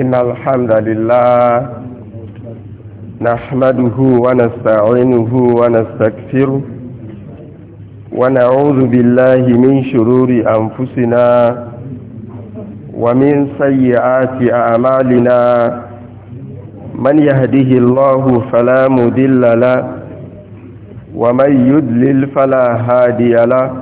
إن الحمد لله نحمده ونستعينه ونستكثره ونعوذ بالله من شرور أنفسنا ومن سيئات أعمالنا من يهده الله فلا مدل له ومن يدلل فلا هادي له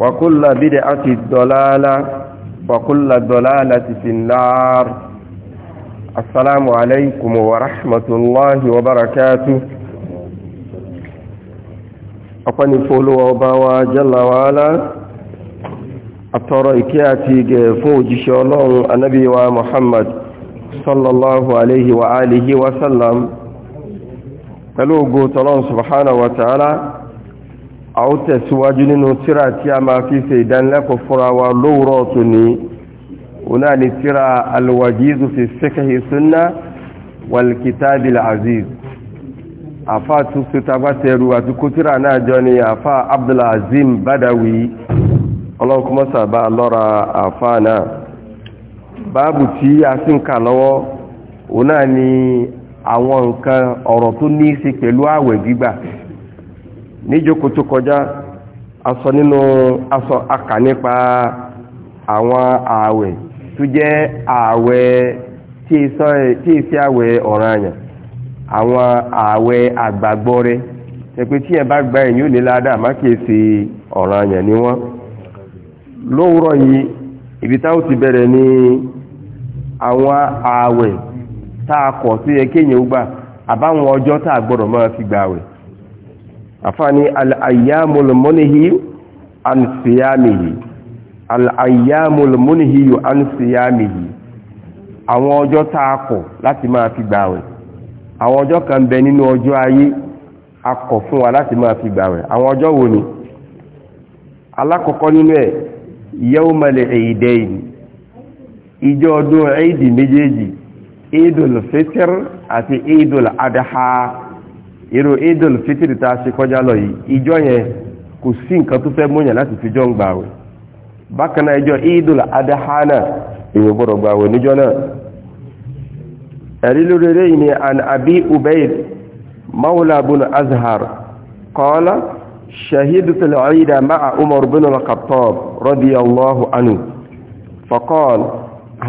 وكل بدعة ضلالة وكل ضلالة في النار السلام عليكم ورحمة الله وبركاته أقني فولو وباوا جل وعلا أطرى إكياتي فوج شلون النبي ومحمد صلى الله عليه وآله وسلم تلوغو تلون سبحانه وتعالى a ó tẹ̀síwájú nínú tíra tí a máa fi ṣe ìdánilẹ́kọ̀ọ́ fúnra wa lówùrọ̀ tó ní oná ni tíra alwajizu fi síkẹ̀hì súnná walkitabil aziz àfá tó tó tagbátẹrù àti kó tíra náà jọ ni àfá abdulazim badawi ọlọ́nkọmọ́sà bá lọ́ra àfá náà báàbù tí a sì ń kà lọ́wọ́ oná ni àwọn nǹkan ọ̀rọ̀ tó ní níjókòó tó kọjá aṣọ nínú aṣọ akà nípa àwọn ààwẹ̀ tó jẹ́ ààwẹ̀ tí èsì ààwẹ̀ ọ̀ranyàn àwọn ààwẹ̀ àgbàgbọ́ rẹ̀ ẹ̀pẹ́ tí ẹ bá gba ẹ̀yìn ò ní ládà má kìí ọ̀ràn ní wọ́n ibi táwọn ti bẹ̀rẹ̀ ní àwọn ààwẹ̀ tá a kọ̀ sí ẹkéyìn ó gbà àbáwọn ọjọ́ tá a gbọ́dọ̀ máa afani al'ayyamul munhi an siyamihi al'ayyamul munhi an siyamihi àwọn ọjọ́ taakọ̀ láti máa fi gbààwẹ̀ àwọn ọjọ́ kan bẹ nínú ọjọ́ ayé akọ̀ fún wa láti máa fi gbààwẹ̀ àwọn ọjọ́ wo ni alákọ̀ọ́kọ́ nínú ẹ̀ yawmal eidain ìjọ ọdún eid méjèèjì eidul fitr àti eidul adaha irú idol fitiri tá a ṣe kọjá lọ yìí ìjọ yẹn kò sí nǹkan tó fẹ́ múyàn láti fi jọ ń gbà wẹ̀ bákan náà ìjọ idol adahana èèyàn gbọ́dọ̀ gbà wẹ̀ níjọ náà ẹ̀rí lórí eré yìí ni an abi ubaid mawla bin azhar qala شهدت العيد مع عمر بن الخطاب رضي الله عنه فقال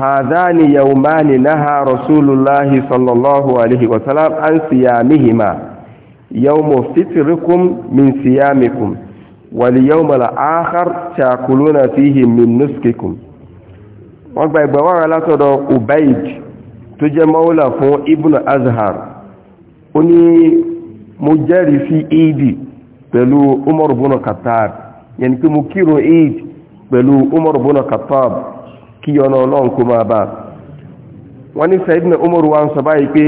هذان يومان نهى رسول الله صلى الله عليه وسلم عن صيامهما yawma fitrikum min siyamikum wal yawma al-akhar ta'kuluna fihi min nuskikum wọ́n gba ìgbà wọ́n látọ̀dọ̀ ubaid tó jẹ́ maula fún ibn azhar ó ní mo jẹ́rìí sí eid pẹ̀lú umar bin khattab yẹni pé mo kírò eid pẹ̀lú umar bin khattab kí yọ́nà ọlọ́run kó máa bá wọ́n ní sayyidina umar wa ń sọ báyìí pé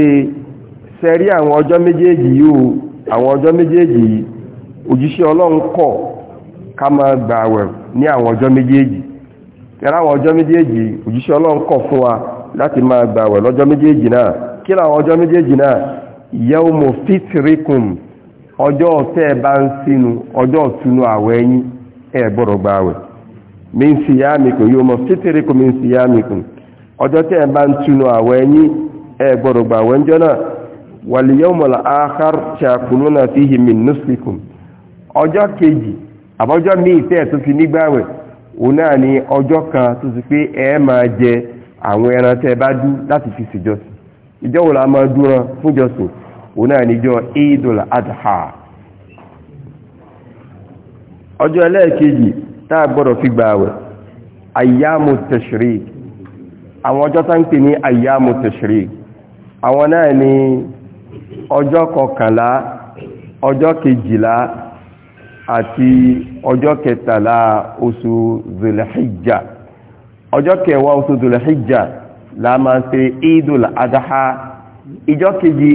sẹ́rí àwọn ọjọ́ méjèèjì yóò àwọn ọjọ́ méjèèjì yìí òjíṣẹ́ ọlọ́run kọ̀ ká àwẹ̀ ní àwọn ọjọ́ méjèèjì yàrá àwọn ọjọ́ méjèèjì òjíṣẹ́ ọlọ́run kọ̀ fún wa láti ma gba àwẹ̀ lọ́jọ́ méjèèjì náà kí làwọn ọjọ́ méjèèjì waliyomola akar akhar takuluna fihi min nusikum ọjọ́ kejì àbọ́jọ́ ní ìfẹ́ tó fi nígbàwẹ̀ òun náà ni ọjọ́ kan tó ti pé ẹ máa jẹ àwọn ẹran tẹ́ bá dú láti fi ṣèjọsìn ìjọ wo la máa dúró fúnjọsìn òun náà ni ìjọ Eidul Adha ọjọ́ ẹlẹ́ẹ̀kejì tá a gbọ́dọ̀ fi gbàwẹ̀ ayyamu tashrik àwọn ọjọ́ tá ń pè ní ayyamu tashrik àwọn náà ni ọjọ́ kọkànlá ọjọ́ kejìlá àti ọjọ́ kẹtàlá oṣù zulhijjá ọjọ́ kẹwàá oṣù zulhijjá la máa ń ṣe idul adaha ìjọ kejì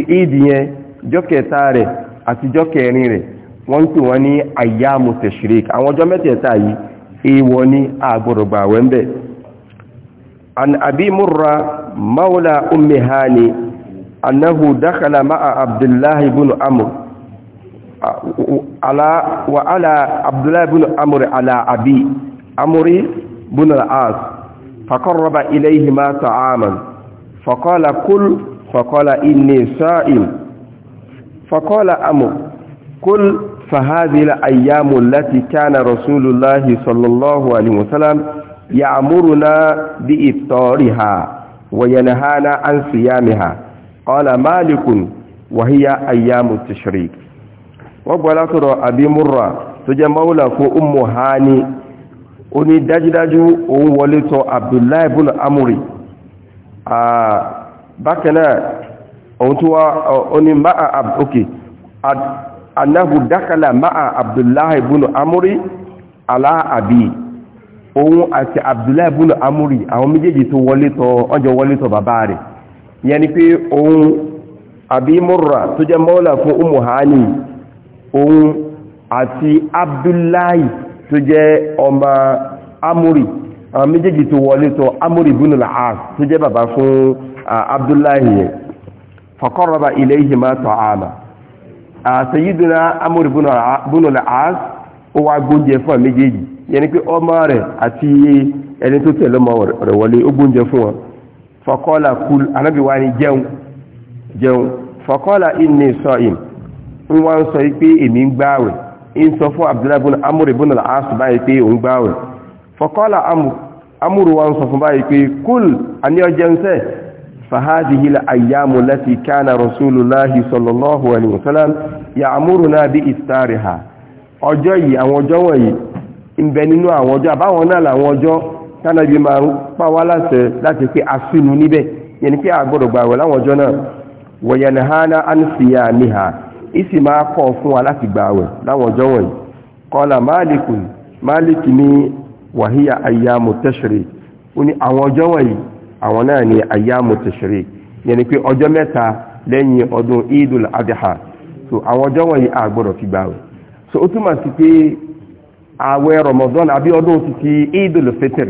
kẹta rẹ̀ àti ìjọ kẹrin rẹ̀ wọ́n ń wọ́n ní ayyamu tashrik àwọn ọjọ́ mẹ́tẹ̀ẹ̀ta yìí èèwọ̀ ní àgbọ̀rọ̀gbà wẹ́ńbẹ̀ أنه دخل مع عبد الله بن عمر على وعلى عبد الله بن عمر على أبي عمر بن العاص فقرب إليهما طعاما فقال كل فقال إني صائم فقال أمر كل فهذه الأيام التي كان رسول الله صلى الله عليه وسلم يأمرنا بإفطارها وينهانا عن صيامها قال مالك وهي أيام التشريك وبلغ أبي مرة تجا مولى أم هاني oni dájúdájú òun wọlé tọ abdullahi bin amuri bákanáà òun tó wá oní ma'a ok annahu dákàlà ma'a abdullahi bin amuri aláàbí òun àti abdullahi bin amuri àwọn méjèèjì tó wọlé tọ ọjọ́ wọlé tọ bàbá rẹ̀ ìyẹn ni pé òun àbí murra tó fún umu òun àti abdullahi tó jẹ́ ọmọ amúrì àwọn méjèèjì tó wọlé tó tó bàbá abdullahi yẹn faqarraba ilayhima ta'ama sayyiduna amúrì amuri al-as ó wá gbóúnjẹ fún àwọn méjèèjì yẹn pé ọmọ rẹ̀ àti ẹni tó fọ́kọ́lá kúl anábì wá ní jẹun jẹun fọ́kọ́lá inni sa'im ń wá ń sọ pé èmi ń gbáwẹ̀ ń sọ fún abdullahi bin amúrì bin al-as báyìí pé òun gbáwẹ̀ fọ́kọ́lá amúrù wá ń sọ fún báyìí pé kúl àníọ́ jẹun sẹ́ فهذه الأيام التي كان رسول الله صلى الله عليه وسلم يأمرنا بإفطارها ọjọ́ yìí àwọn ọjọ́ wọ̀nyí ń bẹ nínú àwọn ọjọ́ àbáwọn náà làwọn ọjọ́ tánàbí máa ń pàwá láṣẹ láti pé asínú níbẹ̀ yẹn ni pé àgbọ̀dọ̀ gbàwẹ̀ láwọn ọjọ́ náà wọ̀yẹ̀nà hánà á ń fi yà níhà ìsì máa kọ́ fún wa láti gbàwẹ̀ láwọn ọjọ́ wọ̀nyí kọ́lá máàlìkì ní wàhíyà ayyamu tashri ó ní àwọn ọjọ́ wọ̀nyí àwọn náà ni ayyamu tashri yẹn ni pé ọjọ́ mẹ́ta lẹ́yìn ọdún idul adha so àwọn ọjọ́ wọ̀nyí àgbọ̀dọ̀ fi gbàwẹ̀ so ó túmọ̀ sí pé àwẹ̀ ramadan àbí ọdún ti idul fitr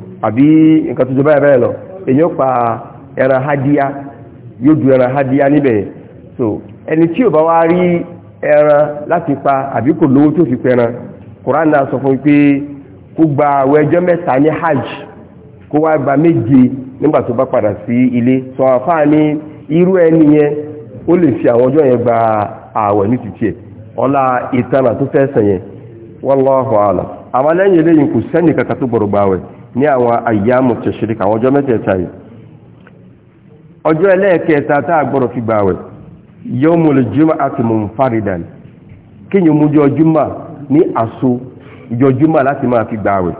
àbí nǹkan tó jọ báyìí báyìí lọ èyàn pa ẹran yóò du ẹran hadiya níbẹ̀ so ẹni tí ò bá wá rí ẹran láti pa àbí kò lówó tó fi pẹran koran sọ fún pé kó gba àwọn ẹjọ́ mẹ́ta ní hajj kó wá gba méje nígbà tó bá padà sí ilé sọ àfáà ní irú ẹni yẹn ó lè fi àwọn ọjọ́ yẹn gba ààwẹ̀ ní títí ẹ̀ ọlá ìtanà tó ní àwọn àyàmù tashrik àwọn ọjọ́ mẹ́tẹ̀ẹ̀ta yìí ọjọ́ ẹlẹ́ẹ̀kẹta a gbọ́dọ̀ fi gbààwẹ̀ yawmul jum'ati munfaridan kíyàn mú jọ júmà ní àṣò ìjọ láti máa fi gbààwẹ̀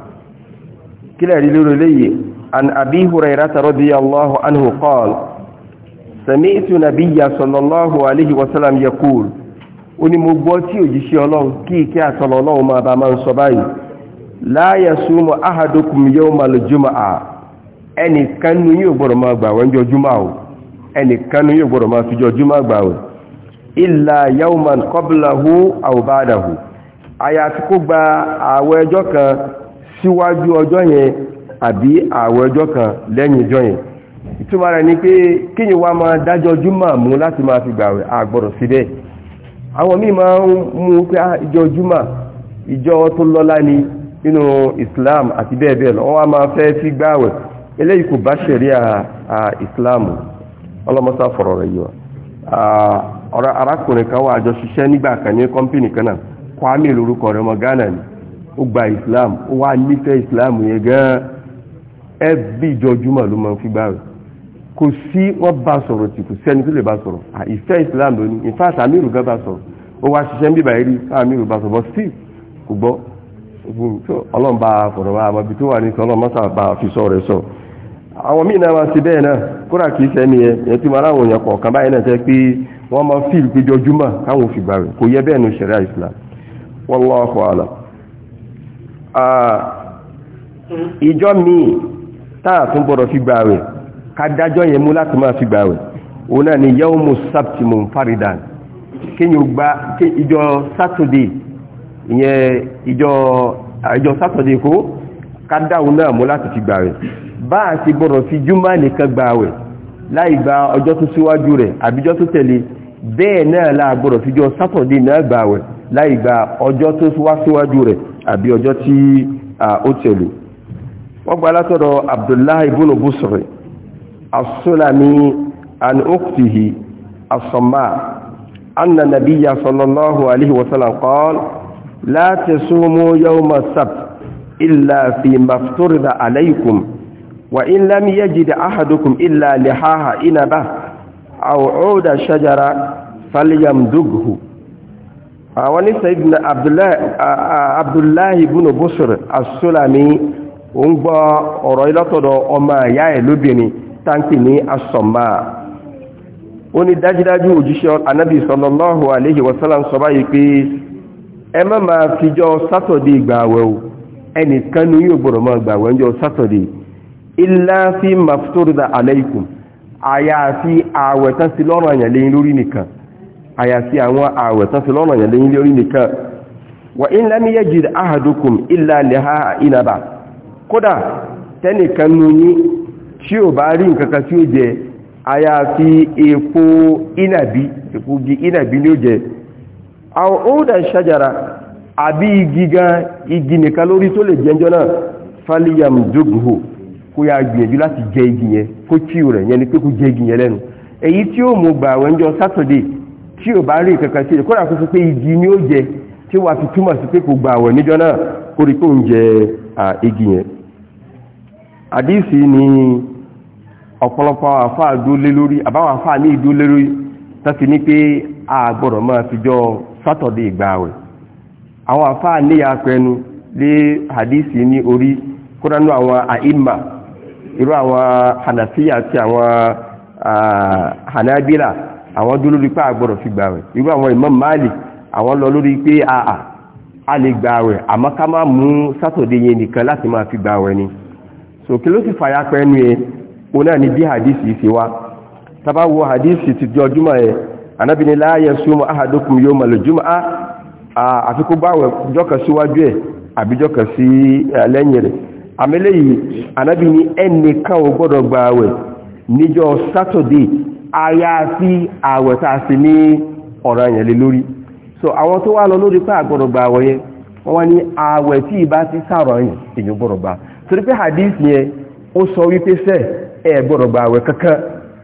kílẹ̀ rí lórí léyìí an abi hurairata radiyallahu la yasumu ahadukum yawmal jumu'a juma'a ẹni kanu ò gbọ́dọ̀ máa gbààwẹ̀ ńjọ́ jumu'a o ẹnìkan nu yín ò gbọ́dọ̀ máa fi jọ́ jumu'a gbààwẹ̀ illa yawman qablahu aw ba'dahu kó gba kan síwájú ọjọ́ yẹn àbí kan lẹ́yìn yẹn ìtumọ̀ rẹ̀ ni pé wá máa dájọ́ mú láti máa fi gbàwẹ̀ àgbọ̀rọ̀ àwọn ni nínú islam àti bẹ́ẹ̀ bẹ́ẹ̀ lọ wọ́n fẹ́ fi gbáwẹ̀ eléyìí kò bá à islam ọlọ́mọsá fọ̀rọ̀ rẹ̀ yìí wa arákùnrin kan wà àjọ ṣiṣẹ́ nígbà kan ní kọ́mpìnì kan náà kwami lórúkọ rẹ̀ ọmọ ghana ni ó gba islam ó wá nífẹ̀ẹ́ islam yẹn gan ẹbí ìjọjúmọ̀ ló máa fi gbáwẹ̀ kò sí wọ́n bá sọ̀rọ̀ kò sẹ́ni tó lè bá islam ló ní in fact amiru gan bá sọ̀rọ̀ ó wá ṣiṣẹ́ amiru bá sọ̀rọ̀ sí kò gbọ́ gbogbo ọlọ́run bá tó wà ní fi sọ rẹ̀ sọ àwọn míì náà máa ṣe bẹ́ẹ̀ náà kódà kìí sẹ́ni ẹ ẹ tí wọn aláwọ̀ yẹn kọ̀ọ̀kan náà jẹ́ pé wọ́n máa fíìlì pé jọjúmọ̀ káwọn òfin gbà rẹ̀ fi gbà rẹ̀ ká dájọ́ yẹn mú láti máa fi gbà rẹ̀ òun náà Saturday ìyẹn ìjọ sátọ̀dé kó kádáhùn náà mú láti fi gbààwẹ̀ bá a ṣe gbọ́dọ̀ fi júmọ́ nìkan gbààwẹ̀ láì gba ọjọ́ tó síwájú rẹ̀ àbíjọ́ tó tẹ̀lé bẹ́ẹ̀ náà la fi jọ sátọ̀dé náà gbaa láì gba ọjọ́ tó síwájú rẹ̀ àbí ọjọ́ tí ó tẹ̀lé wọ́n gba abdullahi la tasumu yawma sabt illa fi mafturida alaykum wa in lam yajid ahadukum illa lihaha inaba aw 'uda shajara falyamdughu awani sayyidina abdullah abdullah ibn busr as-sulami ń gbọ́ ọ̀rọ̀ ilọ́tọ̀dọ̀ ọmọ ìyá ẹ̀ lóbìnrin táǹkì ní asọ̀mà ó ní dájídájú òjíṣẹ́ anábì sallallahu alayhi wa sallam sọ báyìí ẹ má máa fijọ́ sátọ̀dé gbààwẹ̀ o ẹnìkan ní yóò gbọ́dọ̀ máa gbààwẹ̀ fi maftorida aleikum àyàfi ààwẹ̀ lọ́rọ̀ àyàn lórí nìkan àyàfi àwọn wa in kódà tẹ́nìkan nú tí ò bá rí nǹkan nkaka tí ó jẹ àyàfi èpo ìnàbí èpo ìnàbí àwọ̀dà ṣàjára shajara abi gan igi nìkan lórí tó le jẹ́jọ́ náà faliyam dogho ko ya gbìyànjú lati je igi yẹn kó chíù re yẹn ni pé kó jẹ igi yẹn lẹ́nu èyí tí ó mo gbà wẹ́njọ́ sátọ̀dé tí ò kankan igi ni o jẹ tí wa fi túmọ̀ sí pé kò gbà wẹ̀ níjọ́ igi ni ọ̀pọ̀lọpọ̀ àfáà dúlé lórí àbáwọn àfáà ní ìdúlé a máa fi sátọ̀dé ìgbààwẹ̀ àwọn àfáà níyà pẹnu lé hadisi ní orí kúránú àwọn àìmà irú àwọn hanafiya àti àwọn hanabila àwọn dúró lórí pé àgbọ̀rọ̀ fi gbààwẹ̀ irú àwọn Imam Malik àwọn lọ lórí pé àà a lè gbààwẹ̀ àmọ́ ká má mú sátọ̀dé yẹn nìkan láti máa fi gbààwẹ̀ ni so kí ló sì fàyà pẹnu yẹn òun náà ni bí hadisi ṣe wá tá wo hadisi ti jọjúmọ̀ yẹn anábì ní la yasumu ahadukum yawmal jumu'ah àfikún báwẹ̀ jọ́kà síwájú ẹ̀ àbí jọ́kà sí lẹ́yìn rẹ̀ àmẹ́lẹ́ yìí anábì ní ẹnìkan ò gbọ́dọ̀ gba àwẹ̀ níjọ́ sátọ̀dé àyàfi àwẹ̀ tá a ní ọ̀ranyàn lé lórí so àwọn tó wá lọ lórí pé àgbọ́dọ̀ gba àwẹ̀ yẹn wọ́n wá ní àwẹ̀ tí ìbá ti sàrọ̀ yìí èyàn gbọ́dọ̀ gba torí pé hadith yẹn ó sọ wípé sẹ́ ẹ̀ gbọ́dọ̀ gba àwẹ̀ kankan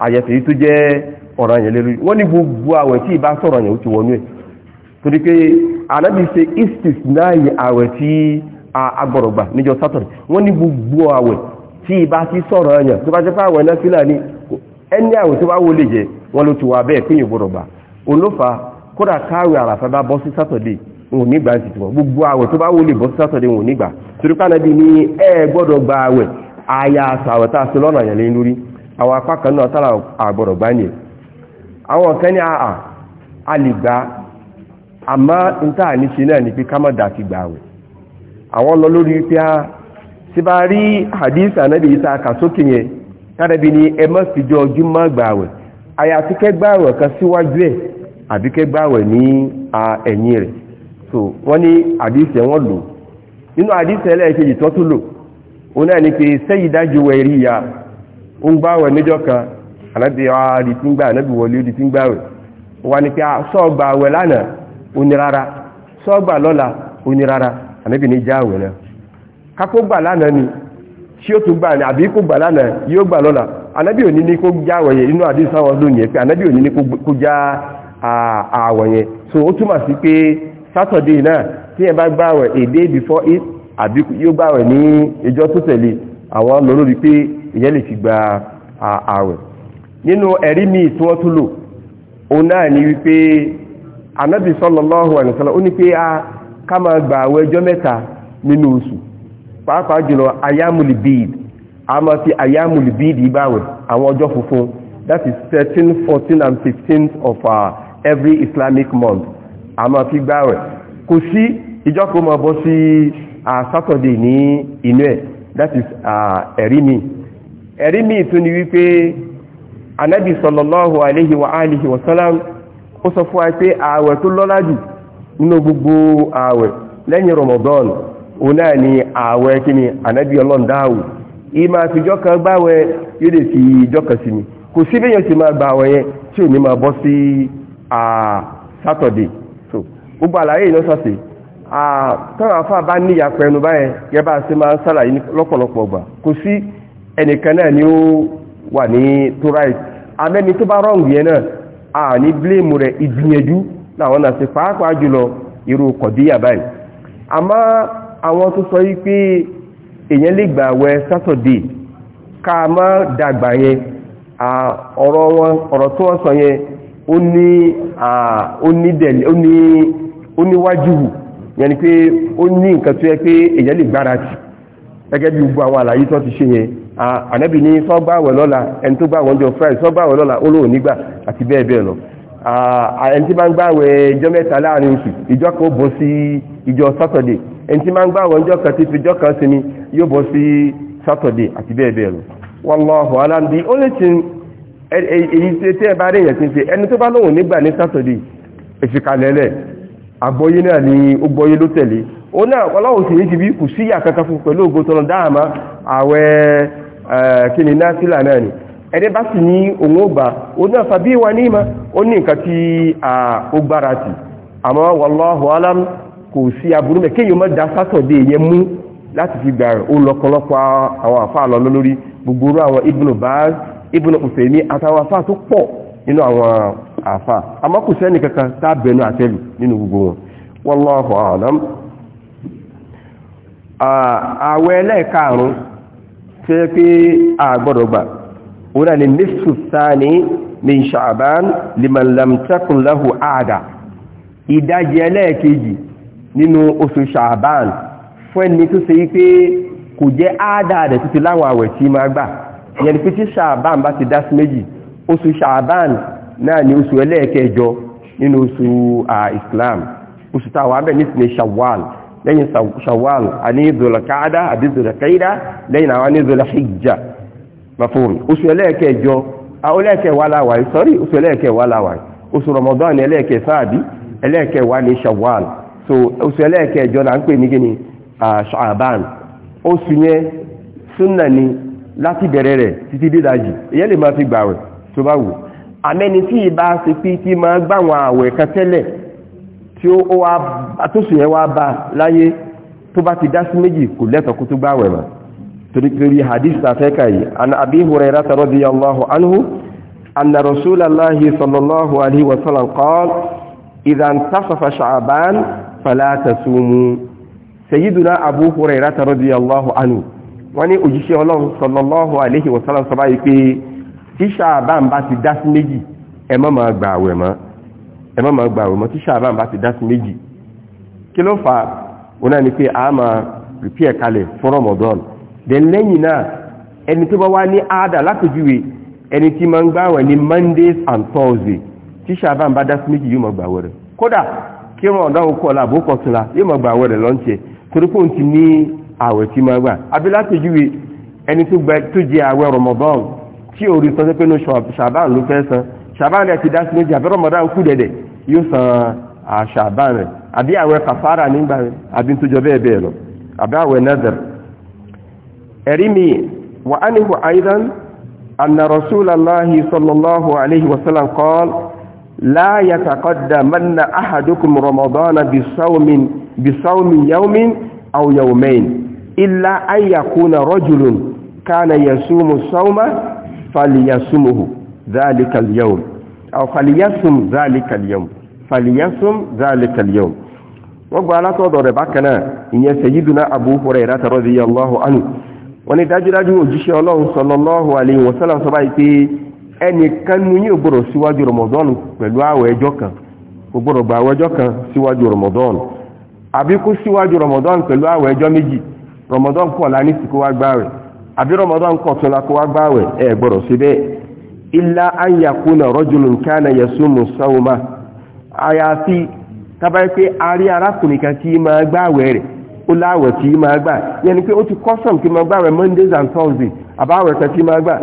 àyàfi tó jẹ́ ọ̀ràn yẹn lérí wọ́n ní gbogbo àwẹ̀ tí ìbá sọ̀rọ̀ yẹn ó ti wọnú ẹ̀ torí pé anábì ṣe istis náà yẹ àwẹ̀ tí agbọ̀rọ̀gbà níjọ sátọ̀rì wọ́n ní gbogbo àwẹ̀ tí ìbá ti sọ̀rọ̀ yẹn tó bá jẹ́ pé àwẹ̀ náà sílà ní ẹni àwẹ̀ tó bá wọlé jẹ wọn ló ti wà bẹ́ẹ̀ pé yẹn gbọ̀rọ̀gbà olófà kódà káàwé àràfà bá bọ́ sí sátọ̀dé wọn ò ní tiwọn gbogbo àwẹ̀ tó bá wọlé bọ́ sí sátọ̀dé wọn ò torí pé ní ẹ gbọ́dọ̀ gba àwẹ̀ àyà àṣà tá a ṣe lọ́nà yẹn lórí àwọn apá kan náà tára àgbọ̀rọ̀gbà nìyẹn àwọn kan ní àà a lè gbá àmọ́ níta ní ṣe náà ní pé ká má dá ti gbà àwọn lọ lórí pé a ti bá rí náà anabi isa kàsókè yẹn tàbí ní ẹ má fi jọ jímọ̀ gbà wẹ̀ àyàfi kẹ́ gbà kan síwájú ẹ̀ àbí kẹ́ gbà ní ẹ̀yìn rẹ̀ so wọ́n ní hadith wọ́n lò nínú ànábì ọ́ di tí ń gbà ànábì wọlé di tí ń gbàwẹ̀ wà ní pé sọ́ọ̀gbà ah, àwẹ̀ lánàá onírara sọ́ọ̀gbà lọ́la onírara ànábì ní jáwẹ̀ náà kákó gbà lánàá ni tí ó tún gbà ní àbí kó gbà lánàá yóò gbà lọ́la ànábì òní ní kó jáwẹ̀ yẹn inú àdé sáwọn lónìí ẹ̀ pé ànábì òní ní kó já àwẹ̀ yẹn a day before it àbí yóò gbàwẹ̀ ní ìjọ tó tẹ̀lé àwọn lọ lórí pé ìyẹn lè ti gba àwẹ̀ nínú ẹ̀rí mi tí wọ́n tún lò òun náà ni wípé anábì sallallahu alaihi wasallam ó ní pé a ká máa gba àwọn ẹjọ́ mẹ́ta nínú oṣù pàápàá jùlọ ayámùlì bíìd a máa fi ayámùlì ìbáwẹ̀ àwọn ọjọ́ funfun that is 13 14 and 15 of uh, every Islamic month a máa fi gbáwẹ̀ kò sí ìjọ́ kó máa bọ́ sí uh, Saturday ní inú ẹ̀ that is uh, ẹ̀rí mi ẹ̀rí mi tún ni wípé anábì sallallahu alaihi wa alihi wa sallam ó sọ fún wa awe ààwẹ̀ tó lọ́lá jù nínú gbogbo ààwẹ̀ lẹ́yìn Ramadan òun náà ni ààwẹ̀ kí ni anábì ọlọ́ndáàwù ìmá àfijọ́ kan gbáwẹ̀ yóò lè fi ìjọ́ kan sí mi kò sí ti máa gbà àwẹ̀ yẹn tí ò ní máa bọ́ sí Saturday so gbogbo àlàyé ìlọ́sọ̀sẹ̀ tọ́rọ afá bá ní ìyàpẹ̀ ẹnu báyẹn gẹ́bà sí máa ń sàlàyé lọ́pọ̀lọpọ̀ ọgbà kò sí ẹnìkan náà ni ó wà ní tó right abẹ́ni tó bá wrong yẹn náà a ní blame rẹ̀ ìgbìyànjú láwọn náà ṣe pàápàá jùlọ irú kọ̀díyà báyìí àmọ́ àwọn tó sọ wípé èèyàn lè gbà Saturday ká má dàgbà yẹn ọ̀rọ̀ wọn ọ̀rọ̀ tó wọ́n sọ yẹn ó ní ó yẹn ni pé ó ní nǹkan tó yẹ pé èèyàn lè gbára jù gẹ́gẹ́ bí gbogbo àwọn ti ṣe yẹn ànábì ní sọ́gbàwẹ̀ lọ́la ẹni tó gbàwẹ̀ ọjọ́ friday sọ́gbàwẹ̀ lọ́la olóò nígbà àti bẹ́ẹ̀ bẹ́ẹ̀ lọ ẹni tí máa ń gbàwẹ̀ ìjọ mẹ́ta láàrin oṣù ìjọ kan ó bọ́ sí ìjọ saturday ẹni tí ń gbàwẹ̀ ọjọ́ kan ti fi kan sinmi yóò bọ́ sí saturday àti bẹ́ẹ̀ bẹ́ẹ̀ lọ wallahu alam bí ó lè ti èyí tí ni Eh, kini ni násílà náà ni ẹ̀dẹ́ bá sì ní òun ó bá ó náà fàbí wa ní ìmá ó ní nǹkan tí ó gbára tì àmọ́ wallahu alam kò sí aburú mẹ́ mọ́ sátọ̀dé mú láti fi gbà ó lọ́pọ̀lọpọ̀ àwọn àfáà lọ gbogbo àwọn ibùnú tí ó pé àgbọ̀dọ̀gbà wọ́n ni nífù sáàní min ṣàbán liman lam takun lahu àdà ìdájẹ́ ẹlẹ́ẹ̀kejì nínú oṣù ṣàbán fún ẹni tó ṣe wípé kò jẹ́ àdà rẹ̀ títí láwọn àwẹ̀ tí máa gbà ìyẹn ni pé tí ṣàbán bá ti dá sí méjì oṣù lẹ́yìn shawwal a ní zolakaada àbí zolakaida lẹ́yìn àwọn ní zolahijja mafum oṣù ẹlẹ́ẹ̀kẹjọ àwọn ẹlẹ́ẹ̀kẹwàá láwàá sorry oṣù ẹlẹ́ẹ̀kẹwàá láwàá oṣù ramadan ẹlẹ́ẹ̀kẹsán àbí ẹlẹ́ẹ̀kẹwàá so oṣù ẹlẹ́ẹ̀kẹjọ là ń pè ní gíní ṣàbán oṣù yẹn súnà ni láti bẹ̀rẹ̀ rẹ̀ títí dídájì ìyẹn lè máa fi gbàwẹ̀ tó tí ó wá àtúnṣù yẹn wá bá láyé tó bá ti dá sí méjì kò lẹ́tọ̀ kó tó gbá wẹ̀mọ̀ torí pẹ̀lú hadith afẹ́kà yìí an abi huraira radiyallahu anhu anna rasulallahi sallallahu alaihi wasallam qala idha intasafa sha'ban fala tasumu sayyiduna abu huraira radiyallahu anhu wọ́n ní òjíṣẹ́ ọlọ́run sallallahu alaihi wasallam sọ báyìí pé tí sha'ban bá ti dá sí méjì ẹ má máa gbà wẹ̀mọ́ ẹ má máa gba àwẹ̀ mọ́ tí ṣàbá bá ti dá sí méjì kí ló fà ó náà ni pé a máa prepare kalẹ̀ fún Ramadan then lẹ́yìn náà ẹni tó bá wá ní àádà lápèjúwe ẹni tí máa ń gbà àwẹ̀ ní Mondays and Thursday. tí ṣàbá bá dá sí méjì yóò máa gbà àwẹ̀ rẹ̀ kódà kí wọn ọ̀dá òkú ọ̀la àbókọ̀ tula yóò máa gbà àwẹ̀ rẹ̀ lọ́nṣẹ̀ torí pé òun ti ní àwẹ̀ tí máa gbà àbí lápèjúwe ẹni tó jẹ àwẹ̀ ti dá sí méjì àbẹ́rọ̀mọ̀dá ń kú dẹ̀dẹ̀ yóò san àṣà bá rẹ̀ àbí àwẹ̀ kàfàrà nígbà rẹ̀ àbí tó jọ bẹ́ẹ̀ bẹ́ẹ̀ lọ àbí àwẹ̀ nazar ẹ̀rí mi wà á níhù aidan anna rasulallahi sallallahu alaihi wasallam qala la yataqaddamanna ahadukum ramadana bisawmin bisawmi yawmin aw yawmayn illa an yakuna rajulun kana yasumu sawma falyasumuhu dhalika al-yawm aw falyasum dhalika al-yawm fàlìyásùn záàlìkàlìyàn wọ́n gba alátọ́dọ̀ rẹ̀ bákanáà ìyẹn sẹ̀yídùná Abu Hurairah radiyallahu anhu wọ́n ní dájúdájú òjíṣẹ́ ọlọ́run sallallahu alaihi wasallam sọ báyìí pé ẹnìkan nu yóò gbọ́dọ̀ síwájú rọmọdọ́nù pẹ̀lú àwẹ̀ ẹjọ́ kan kò gbọ́dọ̀ kọ̀ lá sí kó wá gbáwẹ̀ àbí rọmọdọ́nù kọ̀ tún la wá gbáwẹ̀ ẹ gbọ́dọ̀ sí bẹ́ẹ̀ illa an yakuna rajulun kana yasumu sawma àyàfi tábà pé a rí arákùnrin kan tí máa gbààwẹ̀ rẹ̀ ó láwẹ̀ tí máa gbà yẹni pé ó ti custom kí máa gbààwẹ̀ mondays and thursdays àbáwẹ̀ kan tí máa gbà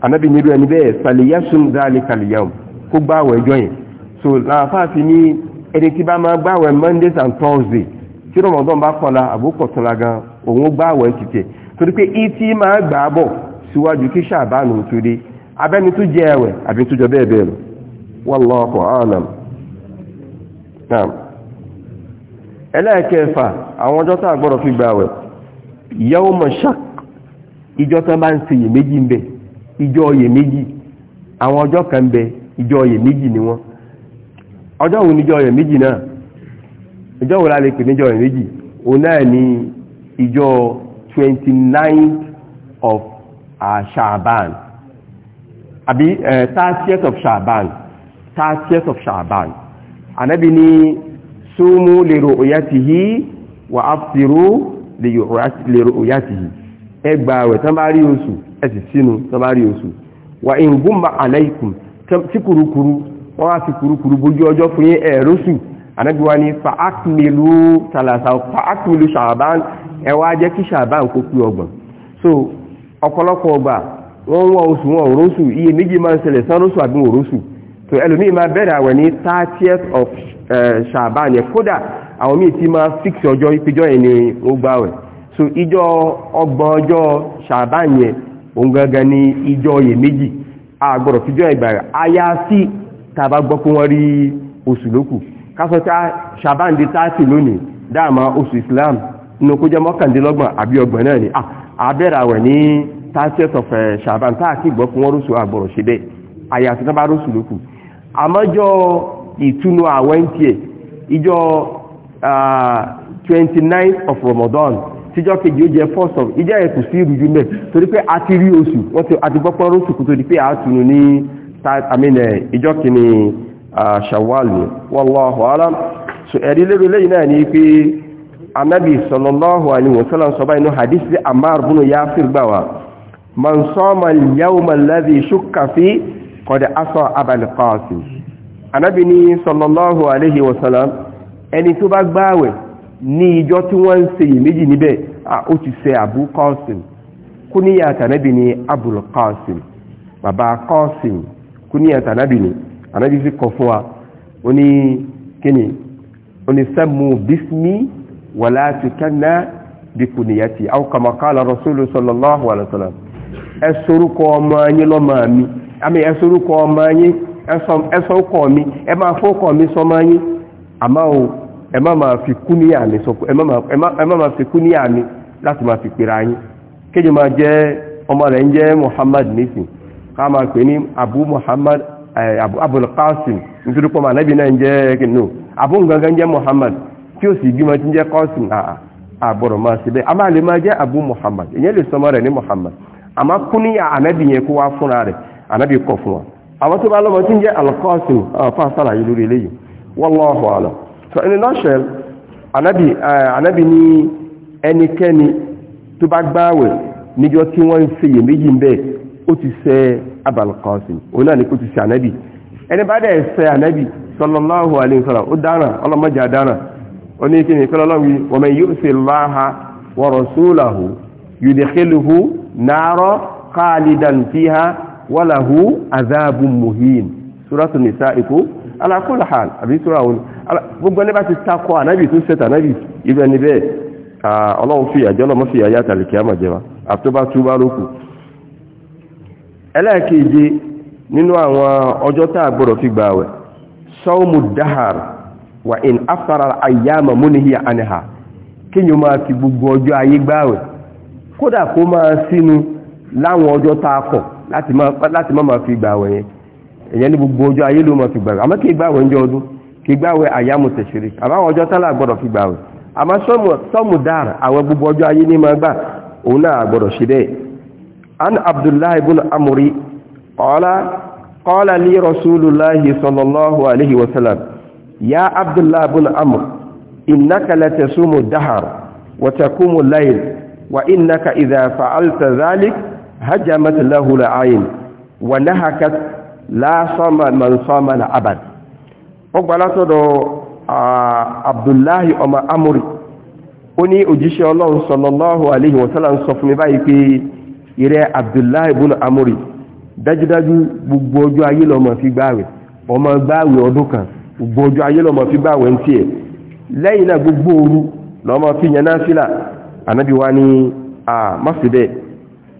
anábì nílò ẹni bẹ́ẹ̀ sàlẹ̀yẹ́sùn dáàlì kàlẹ̀yàwó kó gbààwẹ̀ ẹjọ́ so làáfáàfin ní ẹni tí bá máa gbààwẹ̀ mondays and thursdays tí rọmọdún bá kọla àbúkọ̀ tọ́la gan òun gbààwẹ̀ tìtẹ̀ torí pé ìtì máa gbà á bọ̀ síwájú kí sàbánu tó dé abẹ́ni tó jẹ́ ẹ̀wẹ̀ àbí tó jọ bẹ́ẹ̀ bẹ́ẹ̀ lọ wallahu a'lam náà ẹlẹ́ẹ̀kẹfà àwọn ọjọ́ tá gbọ́dọ̀ fi gbààwẹ̀ yẹ́wò mọ̀ ṣak ìjọ tán bá ń ṣe iyèméjì ń bẹ ìjọ iyèméjì àwọn ọjọ́ kan bẹ ìjọ iyèméjì ni wọ́n ọjọ́ wo ni ìjọ iyèméjì náà ìjọ wo la pè ní ìjọ iyèméjì òun náà ni ìjọ 29th of uh, Shaban àbí uh, eh, 30th of Shaban 30th of Shaban ànábì ní súnmú lèrò òyàtìhí wà áfìrú lèrò òyàtìhí ẹ gba àwẹ̀ tán bá rí oṣù ẹ sì sínú tán bá rí oṣù wà ìngúnmà aláìkùn tí kùrukùru wọ́n wá sí kùrukùru bójú ọjọ́ fún yín ẹ̀rọ́sù ànábì wa ní fàákìmìlú so ọ̀pọ̀lọpọ̀ ọgbà wọ́n wọ́n oṣù wọn iye méjì máa ń ṣẹlẹ̀ sánrósù àbí so ẹlòmíì máa bẹ̀rẹ̀ àwẹ̀ ní 30th of ṣàbán eh, yẹn kódà àwọn míì ti máa fix ọjọ́ ìpéjọ́ yẹn ni ó gbà so ìjọ ọgbọ̀n ọjọ́ ṣàbán yẹn òun gangan ní ìjọ yẹn méjì àgbọ̀rọ̀ fíjọ́ ìgbà rẹ̀ aya sí tàbá gbọ́ pé wọ́n rí oṣù lókù kásọ̀tá ṣàbán di lónìí dáàmà oṣù Islam inú kó jẹ́ mọ́kàndínlọ́gbọ̀n àbí ọgbọ̀n náà ni àbẹ̀rẹ̀ àwẹ̀ ní 30th of ṣàbán táà kí gbọ́ pé wọ́n rúṣù àgbọ̀rọ̀ ṣe bẹ́ẹ̀ àyàfi tábà rúṣù lókù àmọ́jọ́ ìtúnu àwẹ̀ ń ìjọ twenty nine of Ramadan tíjọ́ kejì ó jẹ́ first of ìjọ yẹn kò sí ìrújú mẹ́ torí pé a ti rí oṣù wọ́n ti àti gbọ́ pọ́n oṣù kó tó di pé a tunu ní ìjọ kìíní Shawwal ni wallahu alam so ẹ̀rí lérò lẹ́yìn náà anabi sallallahu alaihi wasallam sọ báyìí ní hadith Ammar bunu Yasir gbà al-yawma alladhi shukka kọ́dẹ̀ asọ abalẹ̀kọ́ọ̀sì anábì ní sallallahu alayhi wa sallam ẹni tó bá gbáwẹ̀ ní ìjọ tí wọ́n ń ṣe méjì níbẹ̀ ó ti ṣe àbú kọ́ọ̀sì kúníyà tànábì ní abul kọ́ọ̀sì bàbá kọ́ọ̀sì kúníyà tànábì ní ọmọ yín mi ami ẹsọ orúkọ ọmọ yín ẹsọ ẹ máa fọ ọkọ mi sọmọ yín àmọ́ o fi kú ní àmì ẹ má máa fi kú ní àmì láti máa fi pèrà yín kéjì máa jẹ́ ọmọ rẹ̀ ń jẹ́ Muhammad nisin ká máa pè ní Abu Muhammad Abul Qasim nítorí máa náà Abu gangan jẹ́ Muhammad tí ó sì Qasim máa ṣe Abu Muhammad ìyẹn lè sọmọ ní Muhammad kú ní kó wá fúnra ànábì kọ̀ fún wa àwọn tó bá lọ́mọ tí ń jẹ́ alkọ́sìn fa sàlàyé lórí eléyìí wallahu alam so in a nutshell ànábì eh, ànábì ní ẹnikẹ́ni tó bá gbáwẹ̀ níjọ́ tí wọ́n ń ṣe iyèméjì ń bẹ́ẹ̀ ó ti ṣẹ abalkọ́sìn òun náà ni kó ti ṣẹ ànábì ẹni bá dẹ̀ ṣẹ ànábì sallallahu alayhi ó dára ọlọ́mọdé àdára ó ní kí ni ìpínlẹ̀ ọlọ́run wa man yu'si Allaha wa rasulahu yudkhiluhu nara khalidan fiha walahu azabun muhin suratu nisa iko ala kulli hal abi sura won gbogbo ne bá ti takò anabi tún anabi ànábì ibe ni be ah Ọlọ́hun fi ajo lo mo fi aya tal kiyama je wa aftoba tuba loku ẹlẹ́keje nínú àwọn ọjọ́ tá gboro fi gba àwẹ̀ sawmu dahar wa in aftara ayyama munhiya anha ma fi gbogbo ojo aye gba àwẹ̀ kódà kó máa sínú láwọn ọjọ́ láti má máa fi gbà àwẹ̀ yẹn èyàn ní gbogbo ọjọ́ ayé ló máa fi gbà àwẹ̀ àmọ́ kì í gbà àwẹ̀ ńjọ́ ọdún kì í gbà àwẹ̀ àyàmù tẹ̀sírí àbáwọn ọjọ́ tálà gbọ́dọ̀ fi gbà àwẹ̀ àmọ́ sọ́mù dára àwọn gbogbo ọjọ́ ayé ní máa gbà òun náà gbọ́dọ̀ ṣe bẹ́ẹ̀ an abdullahi ibn amuri qala qala li rasulullahi sallallahu alaihi wasallam ya abdullahi ibn amur innaka latasumu dahar wa taqumu layl idha fa'alta dhalik hajamat lahu al-ayn wa nahakat la sama man sama la abad ó gbà látọ̀dọ̀ abdullahi ọmọ amúrí ó ní òjíṣẹ́ ọlọ́run sallallahu alaihi wasallam sọ fún mi báyìí pé ìrẹ́ abdullahi búnú amúrí dájúdájú gbogbo ọjọ́ ayé lọ́mọ fi gbáwẹ̀ ọmọ gbáwẹ̀ ọdún kan gbogbo ọjọ́ ayé lọ́mọ fi gbáwẹ̀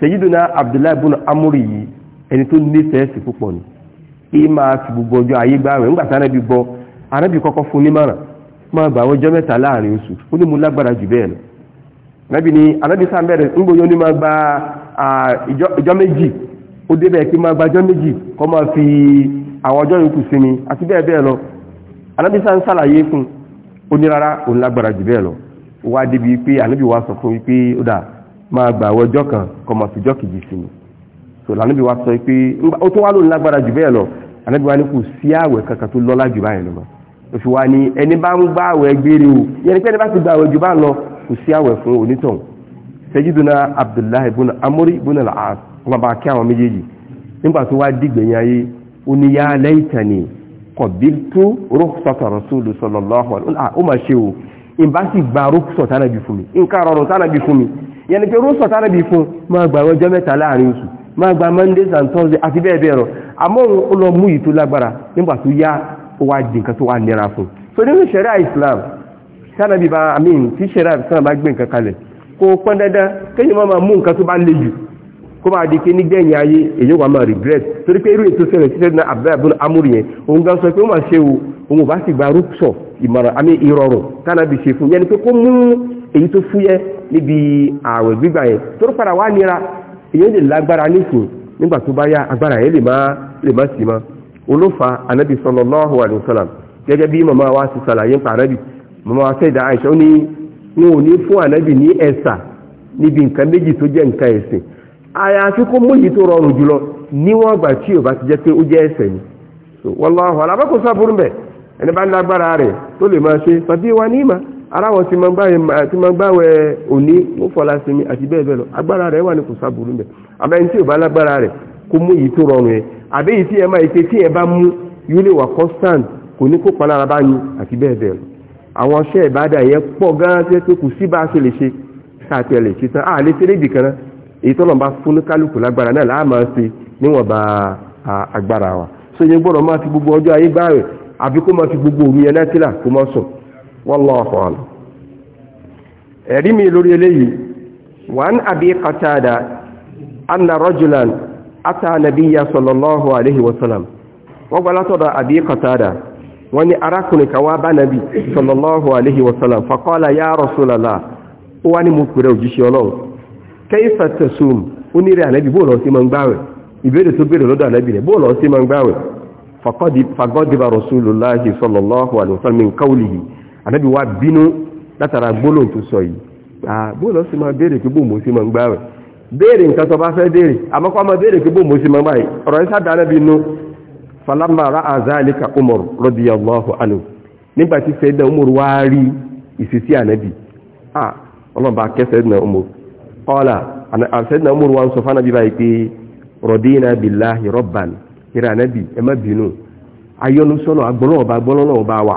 sèyídùnà abdullahi bùnà amúrì yìí ẹni tó nífẹ̀ẹ́ sí púpọ̀ ni kí máa fi gbogbo ọjọ́ ayé gbá rẹ̀ ńgbà tí anábì gbọ́ kọ́kọ́ fún ní márùn máa bà àwọn ọjọ́ mẹ́ta láàrin oṣù ó ní mo lágbára jù bẹ́ẹ̀ lọ ni ma gbaa ńgbòyó ní máa gba ìjọ méjì ó débẹ̀ kí gba méjì kọ́ máa fi àwọn ọjọ́ yòókù sí àti bẹ́ẹ̀ bẹ́ẹ̀ lọ máa gbà àwọn ọjọ́ kan kọ́ máa fìjọ́ kejì sí mi so lànàbí wa sọ pé ó tó wá lónìí lágbára jù bẹ́ẹ̀ lọ ànábì wa ní kò sí àwẹ̀ kankan tó lọ́lá jù báyìí lọ ó fi wá ní ẹni bá ń gbà àwẹ̀ gbére o yẹni pé ẹni bá ti gbà àwẹ̀ jù bá lọ kò sí àwẹ̀ fún onítàn sẹ́jídùnà abdullahi ibùnà amórí ibùnà làás wọn bá kí àwọn méjèèjì nígbà tó wá dìgbẹ̀yìn ayé ó ní yá laitani qabiltu rukhsata rasulu sallallahu alaihi ó mà ṣe o ìbá sì gba rúkṣọ̀ yẹn ni pé rúṣọ̀ tára bí fún máa gbà ọjọ́ mẹ́ta láàrin oṣù máa gba mondays and thursdays àti bẹ́ẹ̀ bẹ́ẹ̀ rọ àmọ́ ó yìí tó lágbára nígbà tó yá ó wá tó wà nira fún so nínú ṣẹ̀ríà Islam tára bí bá amin tí ṣẹ̀ríà Islam bá gbé nǹkan kalẹ̀ kò pọ́n dandan kéyìn máa máa mú nǹkan tó bá le jù kó máa di pé nígbẹ̀yìn ayé èyí wà máa regret torí pé irú ètò ṣẹlẹ̀ ṣẹlẹ̀ náà abdul abdul amúr yẹn òun gan sọ pé ó máa ṣe o òun ò bá sì gba rúpsọ̀ ìmọ̀ràn àmì ìrọ̀rùn tánàbì ṣe fún yẹn pé kó mú èyí tó fúyẹ́ níbi ààwẹ̀ gbígbà yẹn tó rú padà wá nira èyí lè lágbára nífò nígbà tó bá yá agbára yẹn lè má lè má sí ma olófa anabi sallallahu alaihi wasallam gẹ́gẹ́ bí mama wa ti sàlàyé ń pa anabi mama wa sẹ́dá àìṣà ó ní wọn ò ní fún anabi ní ẹ̀sà níbi nǹkan méjì tó jẹ́ nǹkan ẹ̀sìn àyàfi kó mú yìí tó rọrùn jùlọ níwọ̀n gbà tí ò bá ti jẹ́ pé ó jẹ́ ẹ̀sẹ̀ ni wallahu alábàkóso àbúrú bẹ̀ ẹni bá lágbára rẹ̀ tó lè máa ṣe fàbí wa ní ìmọ̀ aláwọ̀ tí ma eh, gbáwẹ̀ òní ó fọ́lá sí mi àti bẹ́ẹ̀ bẹ́ẹ̀ lọ agbára rẹ̀ wà ní kò sábúrú mẹ́ àmọ́ ẹni tí ò bá lágbára rẹ̀ kó mú èyí tó rọrùn ẹ̀ àbí èyí tí ẹ máa ike tí ẹ bá mú yóò lè wà constant kò ní kó palára bá ní àti bẹ́ẹ̀ bẹ́ẹ̀ lọ àwọn ọṣẹ́ ìbádà yẹn pọ̀ gan agbára wa so yẹn gbọ́dọ̀ máa fi gbogbo ọjọ́ ayé gbáwẹ̀ àbí kó máa fi gbogbo òru tílà kó máa sùn wallahu a'lam ẹ̀rí mi lórí eléyìí wọ́n àbí qatada anna rajulan ata nabiyya sallallahu alaihi wasallam wọ́n gbá látọ̀dọ̀ àbí qatada wọ́n ni arákùnrin kan wá bá nàbí sallallahu alaihi wasallam faqala ya rasulallah ó wá ní mú pèrè òjíṣẹ́ ọlọ́run kayfa tasum ó ní rẹ̀ ànábì bóòlọ́ sí ma ń gbáwẹ̀ ìbéèrè tó béèrè lọ́dọ̀ ànábì rẹ̀ bóòlọ́ sí ma ń gbáwẹ̀ faqadiba rasulullahi sallallahu alaihi wasallam min qawlihi ànábì wa bínú látara gbólóhùn tó sọ yìí bóòlù sì máa béèrè pé bóòmù sí máa ń gbá rẹ̀ béèrè nǹkan tó bá fẹ́ béèrè àmọ́ máa béèrè pé bóòmù sí máa ń báyìí ọ̀rọ̀ yìí sáda ànábì inú falamma ra'a zalika umar nígbà tí umar wá rí ìsísí ànábì na umar qala sayyidina umar wa ń sọ fánàbí báyìí pé ẹ má bínú ayọ́nusọ́nà agbọ́nà ọba agbọ́nà ọba wa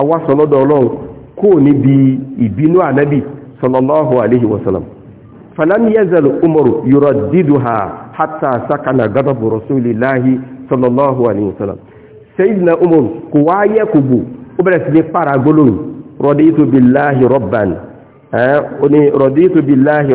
awásọlọ́dọ̀ ọlọ́run kó níbi ìbínú ànábì sallallahu alaihi wasallam falam yazal umaru yuraddiduha hatta sakana ghadabu rasulillahi sallallahu alaihi wasallam sayyidina umar kò wáyé kò bù ó bẹ̀rẹ̀ sí ní para gbólóhùn raditu billahi rabban oni raditu billahi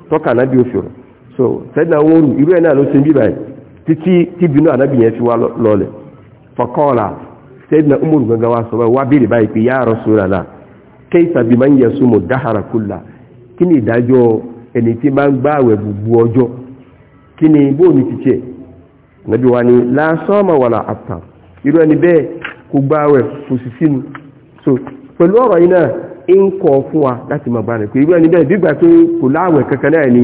tọ́ka ànábì òfin so sẹ́dínà wọ́n rù irú ẹ̀ náà ló ṣe ń bíbà ẹ̀ títí tí bínú ànábì yẹn fi wá lọlẹ̀ fọkọ́ọ̀là sẹ́dínà umaru gangan wa sọ wá béèrè báyìí pé ya Rasulullah kayfa biman yasumu dahara kulla kí ni ìdájọ́ ẹni tí máa ń gbá àwẹ̀ gbogbo ọjọ́ kí ni bóòlù ti tiẹ̀ nàbí wa ni la sama wala àtà irú ẹni bẹ́ẹ̀ kò gbá àwẹ̀ kò so pẹ̀lú ọ̀rọ̀ yìí náà ń kọ̀ fún wa láti mọ̀ bá rẹ̀ pé irú ẹni bẹ́ẹ̀ bí gbà pé kò láàwẹ̀ kankan náà ni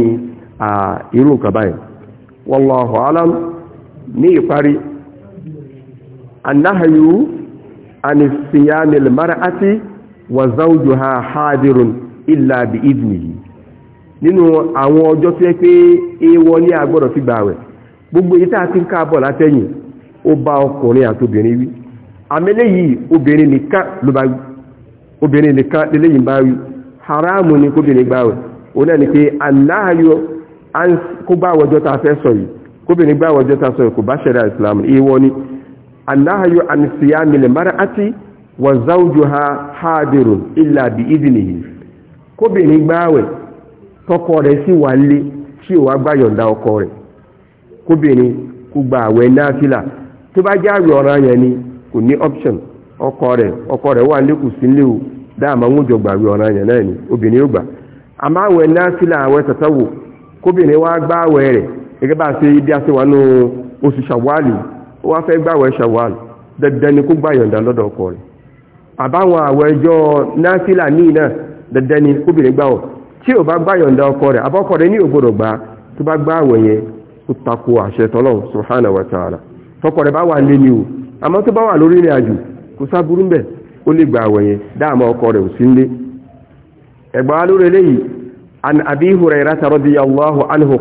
irú nǹkan báyìí wallahu alam ní ìparí annahayu anisiyamil mar'ati wa zawjuha hadirun illa bi idnihi nínú àwọn ọjọ́ tí ẹ pé ewọ ní fi gbogbo èyí a káàbọ̀ látẹ̀yìn ó bá ọkùnrin àtobìnrin wí àmẹ́lẹ́yìí obìnrin nìkan ló obìnrin nìkan lélẹ́yìn bá wí haramu ni kóbìnrin gbáwẹ̀ o náà ni pé aláàyò kó bá wọjọ́ ta fẹ́ sọ yìí kóbìnrin gbá wọjọ́ ta sọ yìí kò bá ṣẹ̀dá islam ìwọ ni aláàyò àníṣíyá nílẹ̀ mara àti wà záwùjọ ha hádìrò ilà bí ìdìnìyí kóbìnrin gbáwẹ̀ tọkọ rẹ̀ sì wà lé tí ò wá gbáyọ̀ǹda ọkọ option ọkọ rẹ̀ ọkọ rẹ̀ wà nílẹ̀kùn sí o dáàmà ń jọ gbàgbé náà ni obìnrin ó gbà àmọ́ àwẹ̀ náfìlà tata tàtàwò kóbìnrin wá gbá àwẹ̀ rẹ̀ gẹ́gẹ́ bá a ṣe bí a ṣe wà nù oṣù ó wá fẹ́ gbá àwẹ̀ dandan ni kó yọ̀ǹda lọ́dọ̀ ọkọ rẹ̀ àbáwọn àwẹ̀ náà dandan ni kóbìnrin tí bá yọ̀ǹda ọkọ rẹ̀ ní wa tọkọ o àmọ́ tó kò sáburú ń bẹ̀ ó lè gba àwẹ̀ yẹn dáàmú ọkọ rẹ̀ ò sí ń ẹgbà lórí eléyìí an abi hurayra anhu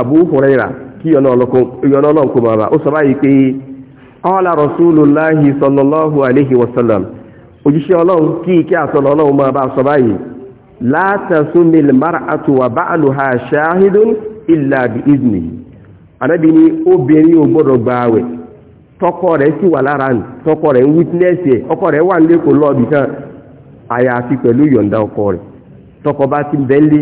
abu hurayra kí yọ̀nà ọlọ́run kò ó sọ báyìí pé qala rasulullahi sallallahu alayhi wa sallam òjíṣẹ́ ọlọ́run kí ìkẹ́ àsọ̀lọ́ ọlọ́run máa bá sọ báyìí látàsúnmìl mar'atu wa ba'luha shahidun illa bi izni anábìíní obìnrin tọkọ rẹ̀ sì wà lára nù tọkọ rẹ̀ ń wítínẹ́sì ẹ̀ ọkọ rẹ̀ wà nílé kò kan àyàfi pẹ̀lú yọ̀ǹda ọkọ rẹ̀ tọkọ bá ti bẹ́ńlé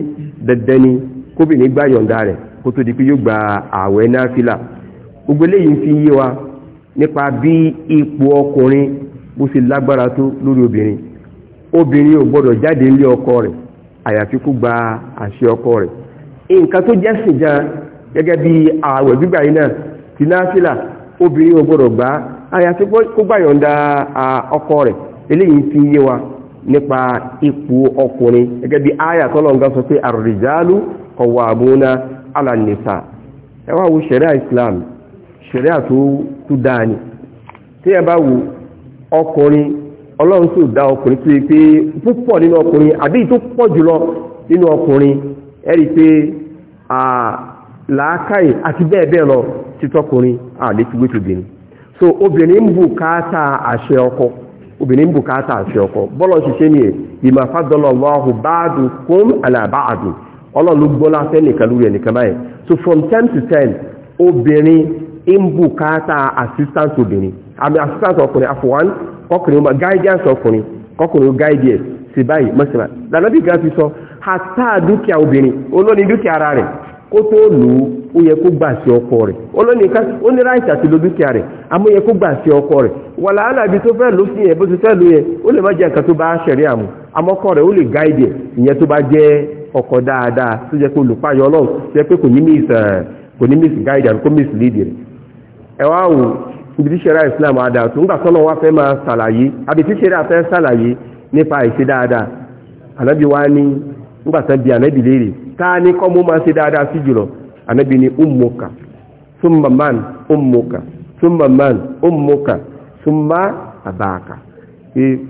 dandan ni kóbìnrin gbà yọ̀ǹda rẹ̀ kó tó di pé yóò gba ààwẹ̀ náfìlà gbogbo eléyìí fi yé wa nípa bí ipò ọkùnrin bó ṣe lágbára tó lórí obìnrin obìnrin ò gbọdọ̀ jáde nílé ọkọ rẹ̀ àyàfi kó gba àṣẹ ọkọ rẹ̀ nǹkan tó jẹ́ sìn gan gẹ́gẹ́ bí ààwẹ̀ gbígbà yìí náà ti obìnrin ò gbọ́dọ̀ gbá àyàfi kó gbàyọ̀ǹda ọkọ rẹ̀ eléyìí fi yé wa nípa ipò ọkùnrin gẹ́gẹ́ bí àyà tọ́lọ̀ǹgá sọ pé àrùrìjálù kọ̀wà àbúná alànìsà ẹ wá wo islam ṣẹ̀ríà tó dáa ni tí ẹ bá wo ọkùnrin ọlọ́run tó dá ọkùnrin tó yẹ pé púpọ̀ nínú ọkùnrin ẹ rí i pé làákàyè àti bẹ́ẹ̀ bẹ́ẹ̀ lọ títọ́kùnrin àlékiwé tòbìnrin so obìnrin ń bùkátà àṣẹ ọkọ obìnrin ń bùkátà àṣẹ ọkọ bọ́lọ̀ ṣiṣẹ́ ni ìmọ̀ fàdọ́lọ́wọ́ báàdù kún àlàbáàdù ọlọ́run gbọ́lá fẹ́ nìkan báyìí so from time to time obìnrin ń bùkátà assistance obìnrin àmì assistance ọkùnrin àfọwọ́n ọkùnrin ọmọ guidance ọkùnrin ọkùnrin guide ẹ̀ sí báyìí mọ́sílá lànà bí sọ hàtà dúkìá obìnrin olóni dúkìá ara rẹ̀ o tó lò ó ó yẹ kó gbà sí ọkọ rẹ̀ olóníká ó ní ráìtì àti lo dúkìá rẹ̀ yẹ kó gbà sí ọkọ wà ibi tó fẹ́ lò sí yẹn bó ti fẹ́ le yẹn ó lè má nǹkan tó bá ṣẹ̀rí àmú àmọ́ ọkọ rẹ̀ ó lè gáìdì ẹ̀ ìyẹn tó bá jẹ́ ọkọ dáadáa tó jẹ́ pé olùpáyọ ọlọ́run tó jẹ́ pé kò ní miss kò ní miss àbí ibi tí Islam fẹ́ ta ni kọ́ mú máa ṣe dáadáa sí jùlọ ànábì ni ummuka summa man ummuka summa man ummuka summa abaka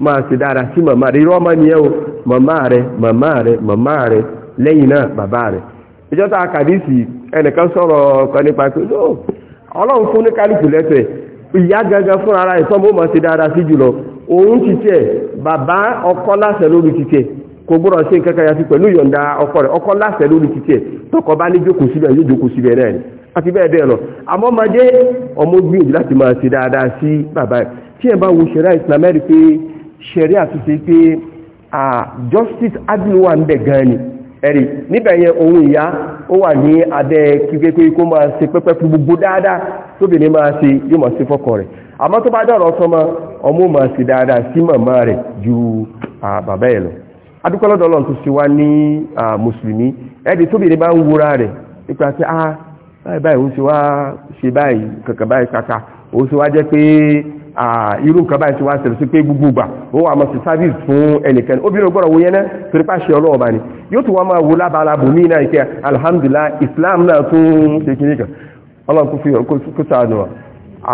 máa ṣe dáadáa sí màmá rẹ̀ irọ́ máa ní ẹ́ o màmá rẹ̀ màmá rẹ̀ màmá rẹ̀ lẹ́yìn náà bàbá rẹ̀ ìjọta àkàdísì ẹnìkan sọ̀rọ̀ kan nípa pé ọlọ́run fún ní kálùkù lẹ́sẹ̀ ìyá gangan fúnra ara ìsọ́mọ́ máa ṣe dáadáa sí jùlọ òun ti tiẹ̀ bàbá ọkọ láṣẹ lórí ti tiẹ̀ kò gbọ́dọ̀ ṣe nǹkan kan yàtí pẹ̀lú ìyọ̀ǹda ọkọ rẹ̀ ọkọ láṣẹ lórí títí ẹ̀ bá ní jókòó síbẹ̀ yóò jókòó síbẹ̀ rẹ̀ àti bẹ́ẹ̀ bẹ́ẹ̀ lọ àmọ́ ma jẹ́ ọmọ gbìyànjú láti máa ṣe dáadáa sí bàbá tí bá wo justice wà gan ni níbẹ̀ yẹn ohun ìyá ó wà gbogbo dáadáa tóbìnrin máa ṣe yóò máa ṣe fọ́kọ rẹ̀ àmọ́ adúpẹ́lọ́dọ̀ ọlọ́run tó ṣe wá ní mùsùlùmí ẹ̀dì tóbìnrin bá ń wúra rẹ̀ nípa pé ah báyìí báyìí ó ṣe wá ṣe báyìí kankan báyìí kàkà ó ṣe wá jẹ́ pé irú nǹkan báyìí ṣe wá ṣẹlẹ̀ sí pé gbogbo gbà ó wà mọ̀ sí service fún ẹnìkan obìnrin gbọ́dọ̀ wo yẹn torí pa ṣe ọlọ́run bá yóò tún wá máa wo lábalábò míì náà ìkẹ́ alhamdulillah islam náà tún ṣe kiri kan ọlọ́run kò fi hàn kó sàánù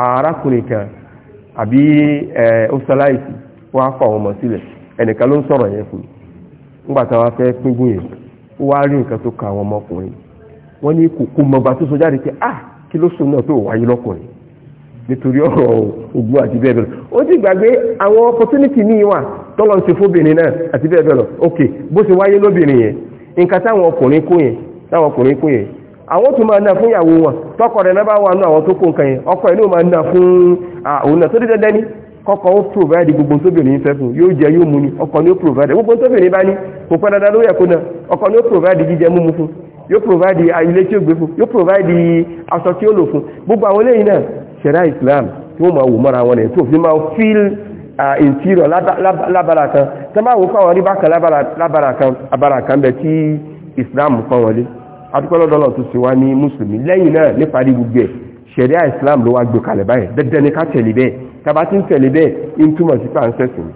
arákùnrin kan àbí ọ̀sálàìsì wọ́n á fọ àwọn ọmọ sílẹ̀ ẹnìkan ló ń sọ̀rọ̀ yẹn fún mi ńgbàtà wa fẹ́ pínpín yẹn nka wá rí nǹkan tó ka àwọn ọmọkùnrin wọ́n ní kò mọba tó sọ jáde pé ah kí ló sùn náà tó wáyé lọ́kùnrin nítorí ọ̀rọ̀ ogun àti bẹ́ẹ̀ bẹ́ẹ̀ lọ ó ti gbàgbé àwọn opportunity tọ́lọ́ fóbìnrin náà àti bẹ́ẹ̀ bẹ́ẹ̀ lọ ok bó ṣe wáyé lóbìnrin yẹn nǹkan táwọn ọkùnrin yẹn táwọn ọkùnrin yẹn àwọn tó máa fún ìyàwó wọn tọkọ rẹ̀ náà bá wà nú àwọn tó kó nǹkan yẹn ọkọ kọ́kọ́ ó provide gbogbo tóbìnrin fẹ́ fún yóò jẹ yóò mú ni ọkọ ni ó provide gbogbo tóbìnrin bá ní kò pẹ́ dandan lórí ẹ̀kọ́ náà ọkọ ni ó provide jíjẹ múmu fún yóò provide ilé tí ó gbé fún yóò provide aṣọ tí ó lò fún gbogbo àwọn eléyìí náà ṣẹ̀dá Islam tí wọ́n máa wò mọ́ra wọn rẹ̀ tó fi máa feel uh, interior lábala kan tí wọ́n máa wò fáwọn rí bákan lábala kan abala tí Islam pọ́n wọlé adúpẹ́lọ́dọ́lọ́ tó sì wá ní mùsùlùmí lẹ́yìn náà níparí gbogbo ẹ̀ ṣẹ̀dá Islam ló wá gbé kalẹ̀ báyìí dẹ́dẹ́ ni ká tẹ̀lé bẹ́ẹ̀ tàbá tí ń tẹ̀lé bẹ́ẹ̀ in túmọ̀ sí pàǹsẹ̀sìn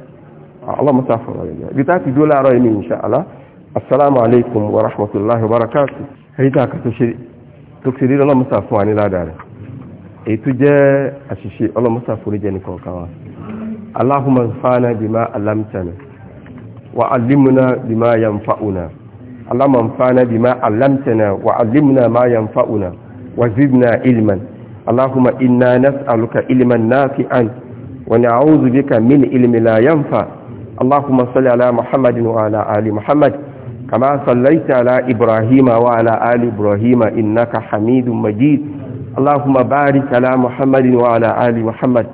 alámọ́sá fọ̀rọ̀ rẹ̀ yẹ ibi tá ti dó láàárọ̀ inú insha Allah assalamu alaikum wa rahmatullahi wa barakatuh èyí tá a kà tó ṣe tó ṣe rí ọlọ́mọ́sá fún wa ní ládàá rẹ̀ èyí tó jẹ́ àṣìṣe ọlọ́mọ́sá fún oníjẹ nìkan kan اللهم إنا نسألك علما نافعا ونعوذ بك من علم لا ينفع اللهم صل على محمد وعلى آل محمد كما صليت على إبراهيم وعلى آل إبراهيم إنك حميد مجيد اللهم بارك على محمد وعلى آل محمد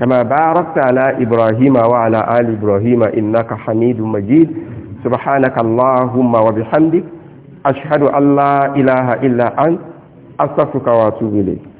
كما باركت على إبراهيم وعلى آل إبراهيم إنك حميد مجيد سبحانك اللهم وبحمدك أشهد أن لا إله إلا أنت أستغفرك وأتوب إليك